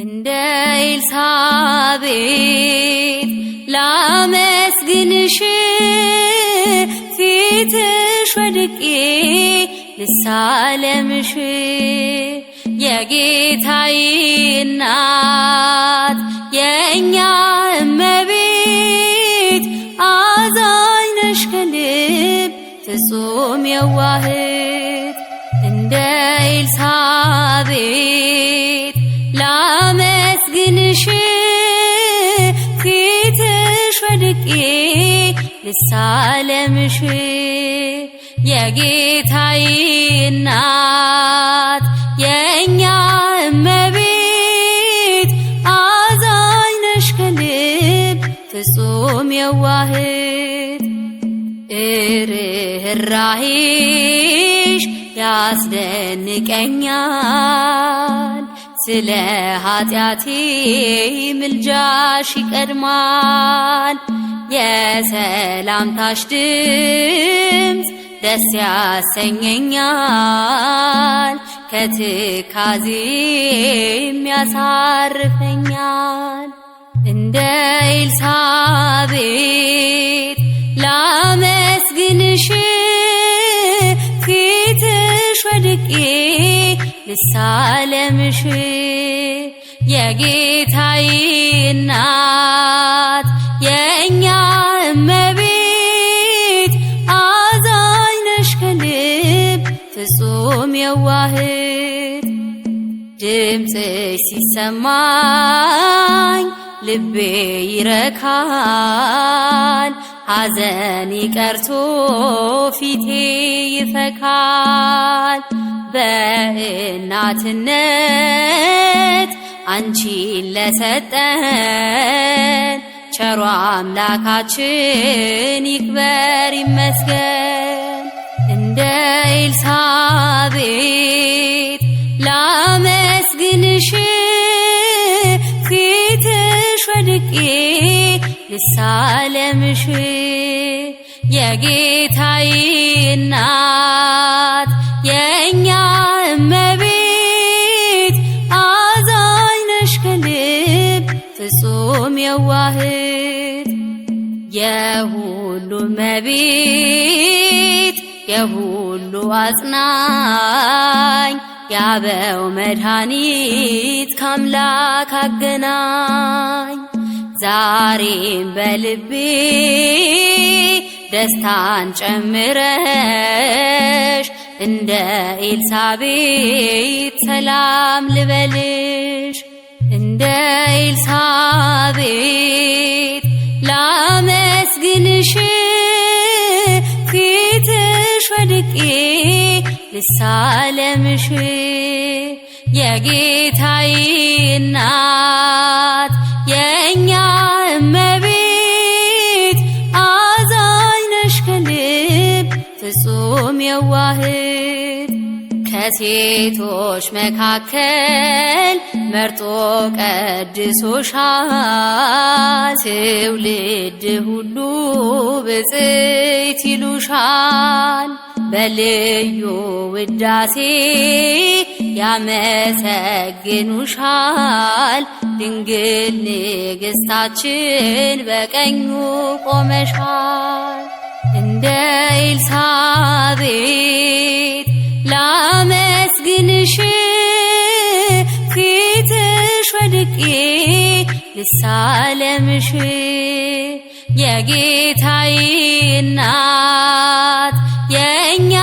እንደ ኤልሳቤጥ ላመስግንሽ ፊትሽ ወድቄ ልሳለምሽ የጌታዬ እናት የእኛ እመቤት አዛኝ ነሽ ከልብ ፍጹም የዋህት እንደ ኤልሳቤጥ ምሳለምሽ የጌታዬ እናት የእኛ እመቤት አዛኝ ነሽ ከልብ ፍጹም የዋህት እርህራሄሽ ያስደንቀኛል ስለ ኃጢአቴ ምልጃሽ ይቀድማል የሰላምታሽ ድምፅ ደስ ያሰኘኛል፣ ከትካዜም ያሳርፈኛል። እንደ ኤልሳቤጥ ላመስግንሽ፣ ፊትሽ ወድቄ ልሳለምሽ የጌታዬ እናት ፍጹም የዋህት ድምፅሽ ሲሰማኝ ልቤ ይረካል፣ ሐዘን ይቀርቶ ፊቴ ይፈካል። በእናትነት አንቺን ለሰጠን ቸሯ አምላካችን ይክበር ይመስገን። እንደ ኤልሳቤጥ ላመስግንሽ ፊትሽ ወድቄ ልሳለምሽ የጌታዬ እናት የእኛ እመቤት አዛኝ ነሽ ከልብ ፍጹም የዋህት የሁሉ መቤት የሁሉ አጽናኝ ያበው መድኃኒት ከአምላክ አገናኝ ዛሬም በልቤ ደስታን ጨምረሽ እንደ ኤልሳቤጥ ሰላም ልበልሽ እንደ ኤልሳቤጥ ላመስግንሽ ወድቄ ልሳለምሽ የጌታዬ እናት የእኛ እመቤት አዛኝ ነሽ ከልብ ፍጹም የዋህ ከሴቶች መካከል መርጦ ቀድሶሻል። ትውልድ ሁሉ ብፅዕት ይሉሻል። በልዩ ውዳሴ ያመሰግኑሻል። ድንግል ንግሥታችን በቀኙ ቆመሻል እንደ ኤልሳቤጥ ፍሳለምሽ የጌታዬ እናት የእኛ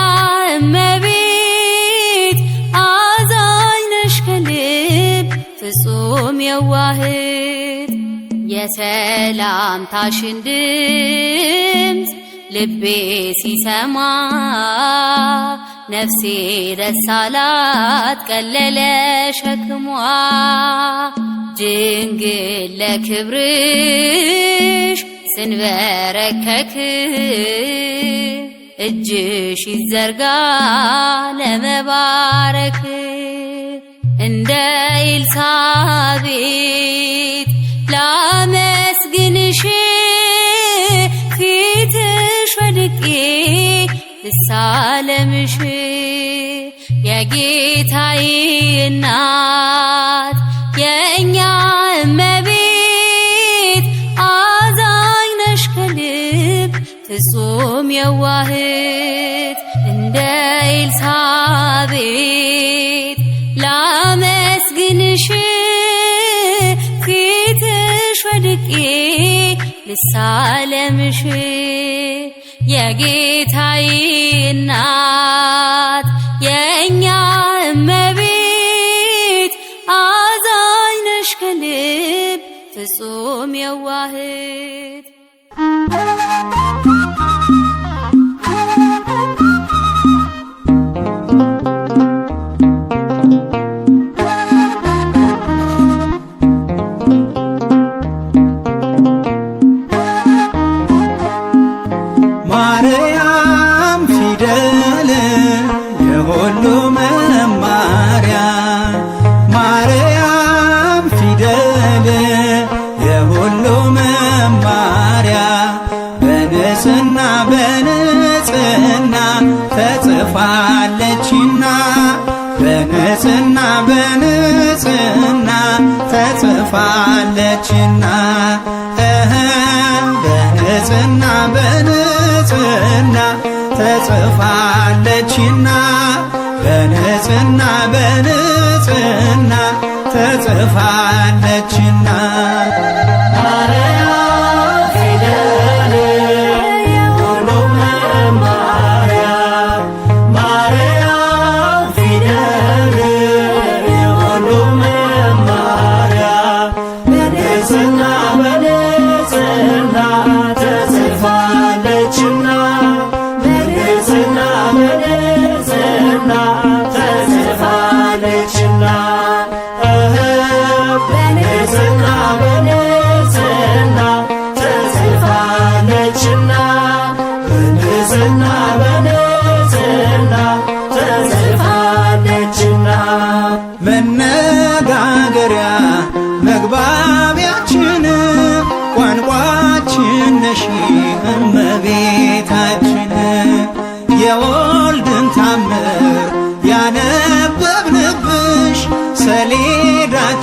እመቤት አዛኝ ነሽ ከልብ ፍጹም የዋህት የሰላምታሽን ድምፅ ልቤ ሲሰማ ነፍሴ ደሳላት ቀለለ ሸክሟ ድንግል ለክብርሽ ስንበረከክ እጅሽ ይዘርጋ ለመባረክ እንደ ኤልሳቤጥ ላመስግንሽ ፊትሽ ወድቄ ልሳለምሽ የጌታዬ እናት የዋህት እንደ ኤልሳቤጥ ላመስግንሽ ፊትሽ ወድቄ ልሳለምሽ የጌታዬ እናት የእኛ እመቤት አዛኝ ነሽ ከልብ ፍጹም የዋህት ተጽፋለችና በንጽህና በንጽህና ተጽፋለችና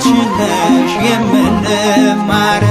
አንቺ ነሽ የምንማረ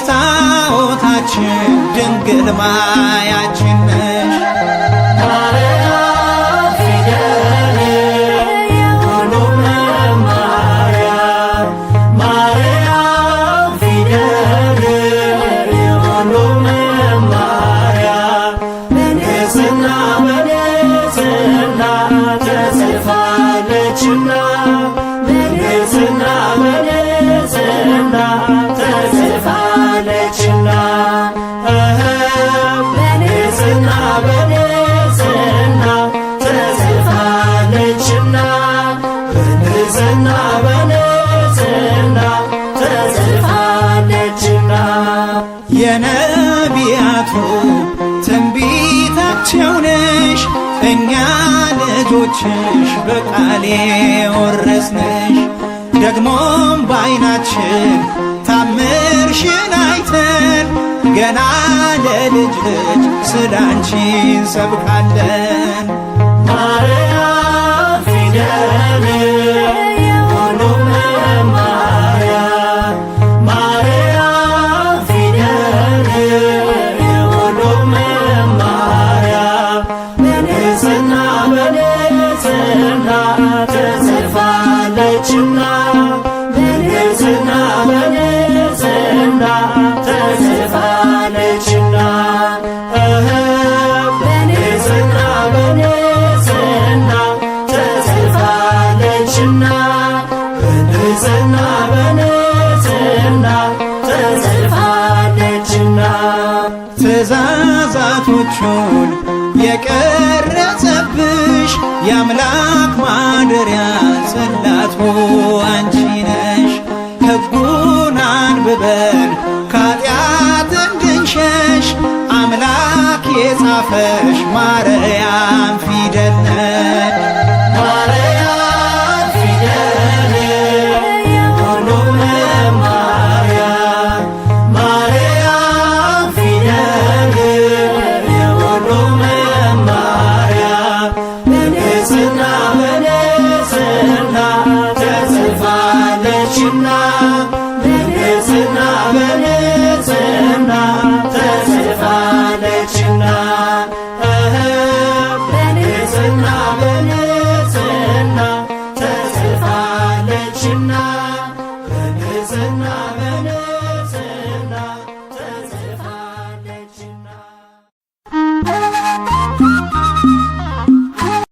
መስታወታችን ድንግል ማያችን ነሽ Tonight. የነቢያቱ ትንቢታቸው ነሽ እኛ ልጆችሽ በቃሌ ወረስነሽ። ደግሞም ባይናችን ታምርሽን አይተን ገና ለልጅ ልጅ ስላንቺ እንሰብካለን። ቶቹን የቀረጸብሽ የአምላክ ማደሪያ ጽላቱ አንቺ ነሽ። ሕጉን አንብበን ከኃጢአት እንድንሸሽ አምላክ የጻፈሽ ማርያም ፊደል ነሽ።